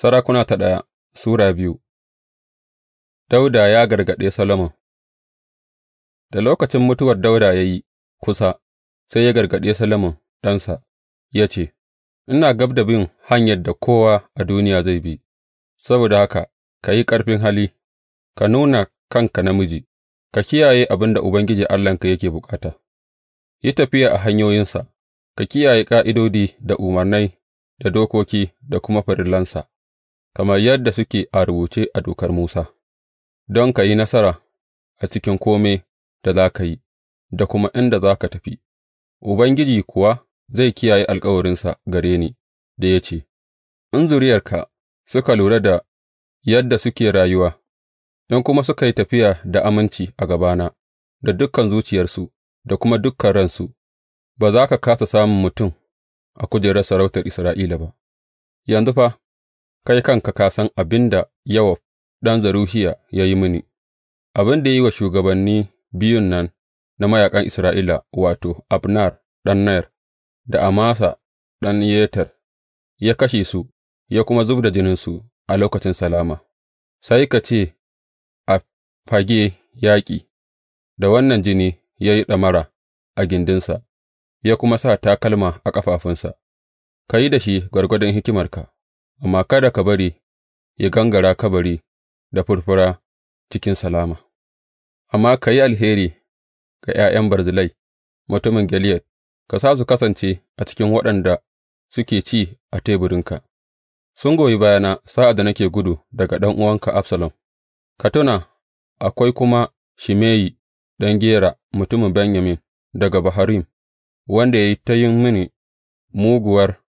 Sarakuna ta ɗaya Sura biyu Dauda ya gargaɗe Solomon Da lokacin mutuwar Dauda ya yi kusa, sai ya gargaɗe Solomon ɗansa, ya ce, Ina gab da bin hanyar da kowa a duniya zai bi, saboda haka ka yi ƙarfin hali, ka nuna kanka namiji, ka kiyaye abin da Ubangiji Allahnka yake bukata, yi tafiya a hanyoyinsa, ka kiyaye ƙa'idodi da umarnai da dokoki da kuma farillansa. kamar yadda suke a rubuce a dokar Musa, don ka yi nasara a cikin kome da za ka yi da kuma inda za ka tafi, Ubangiji kuwa zai kiyaye alkawarinsa gare ni da ya ce, In zuriyarka suka lura da yadda suke rayuwa, in kuma suka yi tafiya da aminci a gabana, da dukan zuciyarsu da kuma dukkan ransu, ba za ka kasa samun mutum a kujerar sarautar Isra'ila ba, yanzu fa. kai kanka ka san abin da Yowab ɗan zaruhiya ya yi mini, abin da ya yi wa shugabanni biyun nan na mayaƙan Isra'ila, wato, Abner ɗan Ner da Amasa ɗan Yeter, ya kashe su, ya kuma zub da jininsu a lokacin salama, sai ka ce a fage yaƙi, da wannan jini ya yi ɗamara a gindinsa, ya kuma sa takalma a ƙafafunsa, ka yi da shi gwargwadon hikimarka. amma kada ka bari ya gangara kabari da furfura cikin salama, amma ka yi alheri ga ’ya'yan barzilai mutumin Gileyad, ka sa su kasance a cikin waɗanda suke ci a teburinka, sun goyi bayana sa'ad da nake gudu daga ɗan'uwanka Absalom, ka tuna akwai kuma Shimeyi ɗan Gera mutumin Benyamin daga Baharim, wanda ya yi ta yin mini muguwar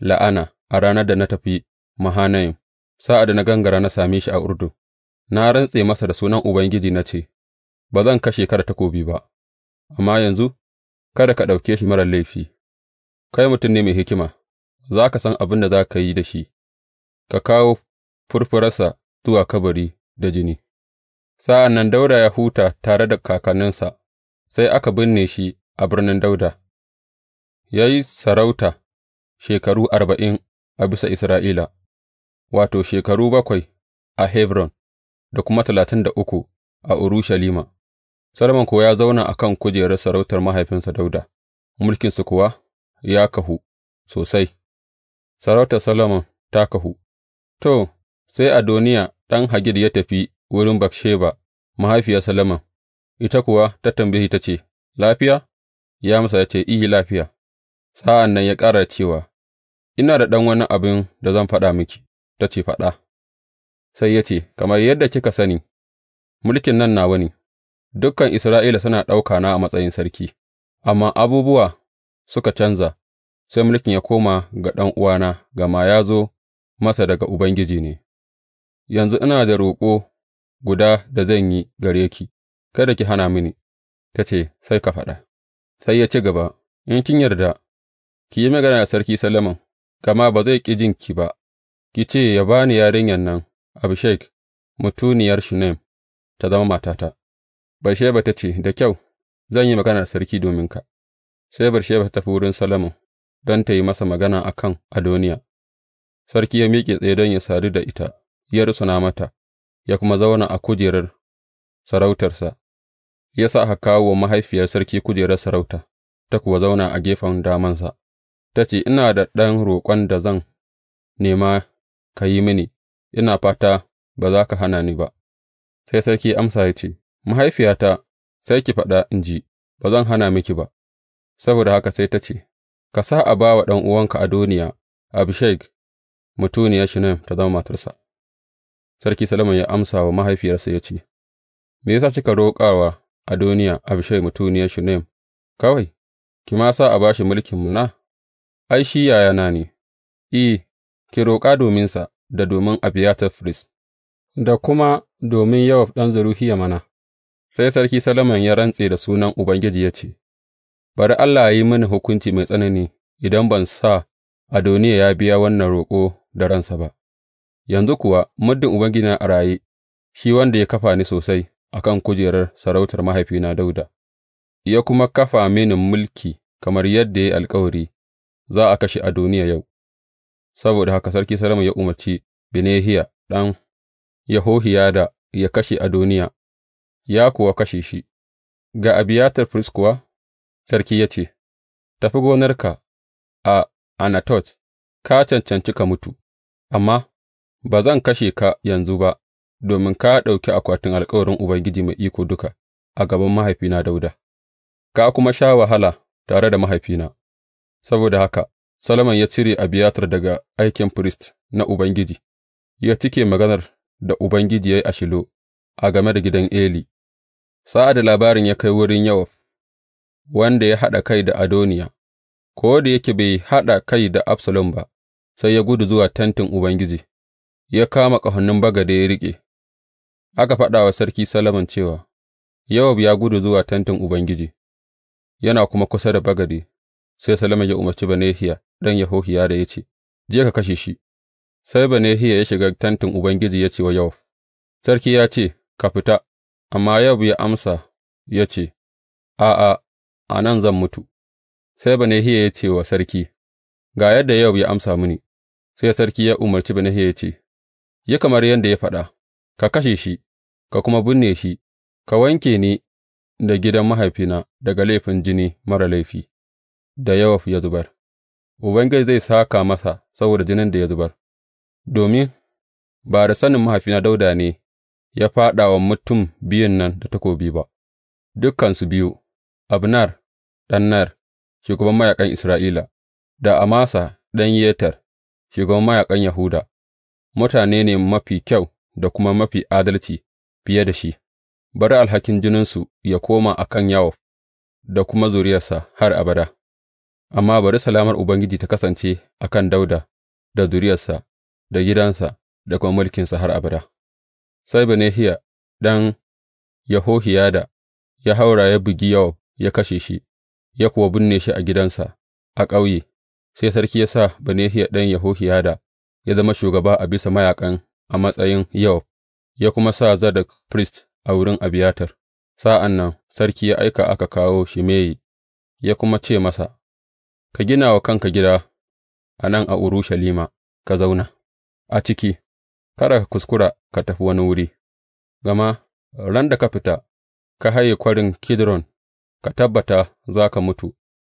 la'ana. a ranar da na tafi Mahanayim, sa'ad da na gangara na same shi a Urdun, na rantse masa da sunan Ubangiji na ce, Ba zan kashe ka da takobi ba, amma yanzu kada ka ɗauke shi marar laifi, kai mutum ne mai hikima, za ka san abin da za ka yi da shi, ka kawo furfurarsa zuwa kabari da jini. Sa'an nan Dauda ya huta tare da kakanninsa, sai aka binne shi a birnin Dauda. ya yi sarauta shekaru arba'in a bisa Isra'ila, wato, shekaru bakwai a Hebron da kuma talatin da uku a Urushalima, Solomon kuwa ya zauna a kan kujerar sarautar mahaifinsa Dauda, su kuwa ya kahu sosai, sarautar Solomon ta kahu. To, sai Adoniya ɗan Hagid ya tafi wurin Baksheba, mahaifiyar Solomon, ita kuwa ta tambayi ta ce, Lafiya? Ya masa ya ce, iyi lafiya. Sa'an nan ya ƙara cewa, Ina da ɗan wani abin da zan faɗa miki, ta ce, Faɗa, sai ya ce, Kamar yadda kika sani, mulkin nan nawa ne, dukan Isra'ila suna ɗauka na a matsayin sarki, amma abubuwa suka canza, sai mulkin ya koma ga ɗan ɗan'uwana, gama ya zo masa daga Ubangiji ne. Yanzu ina da roƙo guda da zan yi gare ki, kada ki hana mini, ta ce, Sai ka faɗa. Sai ya ci gaba, In kin yarda, ki yi magana da Sarki Solomon. gama ba zai ƙi jinki ba, ki ce ya ba ni yarinyan nan, Abishag, mutuniyar Shunem, ta zama matata. Barsheba ta ce, Da kyau, zan yi magana da sarki dominka. Sai Barsheba ta tafi wurin Salamun don ta yi masa magana a kan Adoniya. Sarki ya miƙe tsaye don ya sadu da ita, ya rusuna mata, ya kuma zauna a kujerar sarautarsa, ya sa aka kawo wa mahaifiyar sarki kujerar sarauta, ta kuwa zauna a gefen damansa. ta ce, Ina da ɗan roƙon da zan nema ka yi mini, ina fata ba za ka hana ni ba. Sai sarki ya amsa ya ce, Mahaifiyata, sai ki faɗa in ji, ba zan hana miki ba. Saboda haka sai ta ce, Ka sa a ba wa ɗan'uwanka Adoniya, Abishag, mutuniyar Shunem ta zama matarsa. Sarki Solomon ya amsa wa mahaifiyarsa ya ce, Me yasa kika roƙa wa Adoniya Abishai mutuniyar Shunem kawai, ki ma sa a ba shi mulkin na? Ai, shi yayana ne, I, ki roƙa dominsa da domin Abiyatar firist, da kuma domin Yowab ɗan Zeruhiya mana, sai Sarki Solomon ya rantse da sunan Ubangiji ya ce, Bari Allah ya yi mini hukunci mai tsanani idan ban sa Adoniya ya biya wannan roƙo da ransa ba, yanzu kuwa muddin Ubangiji a raye, shi wanda ya kafa ni sosai a kan kujerar sarautar mahaifina Dauda. ya kuma kafa mini mulki kamar yadda ya yi alkawari. za a kashe Adoniya yau, saboda haka Sarki Salomon ya umarci Benahiya ɗan Yahohiyada ya kashe Adoniya, ya kuwa kashe shi, ga Abiyatar firist kuwa, sarki ya ce, Tafi gonarka a Anatot, ka cancanci ka mutu, amma ba zan kashe ka yanzu ba, domin ka ɗauki akwatin alkawarin Ubangiji mai iko duka a gaban mahaifina Dauda. ka kuma sha wahala tare da mahaifina. Saboda haka Solomon ya cire Abiyatar daga aikin firist na Ubangiji, ya cike maganar da Ubangiji ya yi a Shilo a game da gidan Eli, sa'ad da labarin ya kai wurin yawaf. wanda ya haɗa kai da Adoniya, ko da yake bai haɗa kai da Absalom ba, sai ya gudu zuwa tentin Ubangiji, ya kama ƙahonin bagade ya riƙe, aka faɗa wa Sarki Solomon cewa, Yawab ya gudu zuwa tentin Ubangiji, yana kuma kusa da bagade. sai Solomon ya umarci Benahiya ɗan Yehohiyada ya ce, Je ka kashe shi, sai Benahiya ya shiga tantin Ubangiji ya ce wa Yowab, Sarki ya ce, Ka fita, amma Yowab ya amsa ya ce, A'a, a nan zan mutu. Sai Benahiya ya ce wa sarki, Ga yadda Yowab ya amsa mini, sai sarki ya umarci Benahiya ya ce, Yi kamar yadda ya faɗa, ka kashe shi, ka kuma binne shi, ka wanke ni da gidan mahaifina daga laifin jini mara laifi. da Yowab ya zubar, Ubangiji zai sāka masa saboda jinin da ya zubar, domin ba da sanin mahaifina Dauda ne ya fāɗa wa mutum biyun nan da takobi ba, dukansu biyu, Abner ɗan Ner, shugaban mayaƙan Isra'ila, da Amasa ɗan Yeter, shugaban mayaƙan Yahuda, mutane ne mafi kyau da kuma mafi adalci fiye da shi, bari alhakin jininsu ya koma a kan Yawon da kuma zuriyarsa har abada. amma bari salamar Ubangiji ta kasance a kan Dawuda da zuriyarsa, da gidansa, da kuma mulkinsa har abada. Sai Benahiya ɗan Yahohiyada ya haura ya bugi Yowab ya kashe shi, ya kuwa binne shi a gidansa a ƙauye, sai sarki ya sa Benahiya ɗan Yahohiyada ya zama shugaba a bisa mayaƙan a matsayin Yowab, ya kuma sa Zadok firist a wurin Abiyatar. Sa'an nan sarki ya aika aka kawo Shimeyi, ya kuma ce masa, Ka gina wa kanka gida a nan a Urushalima ka zauna a ciki, kada ka kuskura ka tafi wani wuri, gama ran da ka fita, ka haye kwarin Kidron, ka tabbata za ka mutu,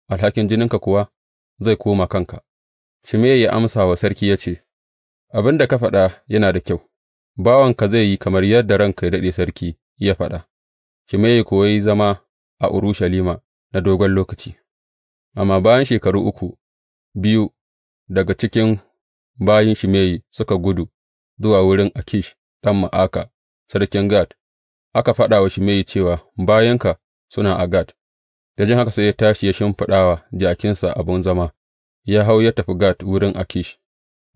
alhakin jininka kuwa zai koma kanka. Shimeyi ya amsa wa sarki ya ce, Abin da ka faɗa yana da kyau, bawanka zai yi kamar yadda ranka ya daɗe sarki ya faɗa. Shimeyi kuwa ya yi zama a Urushalima na dogon lokaci. Amma bayan shekaru uku, biyu daga cikin bayin Shimeyi suka gudu zuwa wurin Akish ɗan Ma'aka, sarkin Gat, aka faɗa wa Shimeyi cewa, Bayinka suna a Gat, da jin haka sai ya tashi ya shimfiɗa wa jakinsa abin zama, ya hau ya tafi Gat wurin Akish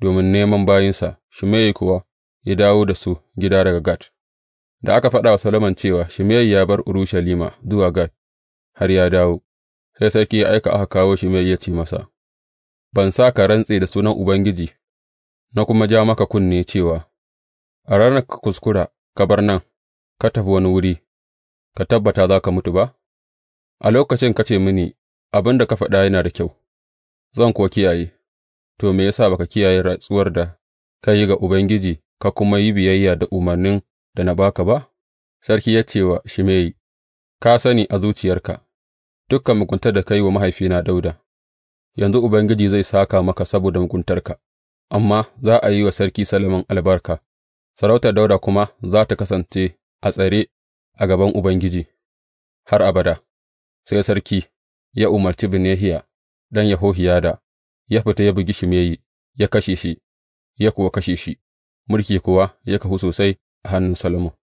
domin neman bayinsa, Shimeyi kuwa ya dawo da su gida daga Gat. Da aka faɗa wa Solomon cewa, Shimeyi ya bar Urushalima zuwa Gat har ya dawo. Sai sarki ya aika aka kawo mai ya ce masa, Ban sa ka rantse da sunan Ubangiji na kuma ja maka kunne cewa, A ranar ka kuskura ka bar nan, ka tafi wani wuri, ka tabbata za ka mutu ba? A lokacin ka ce mini, Abin da ka faɗa yana da kyau, zan kuwa kiyaye, to, me yasa baka kiyaye rantsuwar da ka yi ga Ubangiji ka kuma yi biyayya da umarnin da na ba ka ba? Sarki ya ce wa Shimeyi, Ka sani a zuciyarka. dukan muguntar da ka yi wa mahaifina Dauda, yanzu Ubangiji zai sāka maka saboda muguntarka, amma za a yi wa Sarki Salomon albarka, sarautar Dauda kuma za ta kasance a tsare a gaban Ubangiji har abada. Sai sarki ya umarci Benahiya ɗan Yahohiyada, ya fita ya bugi Shimeyi, ya kashe shi, ya kuwa kashe shi, mulki kuwa ya kahu sosai a hannun salomon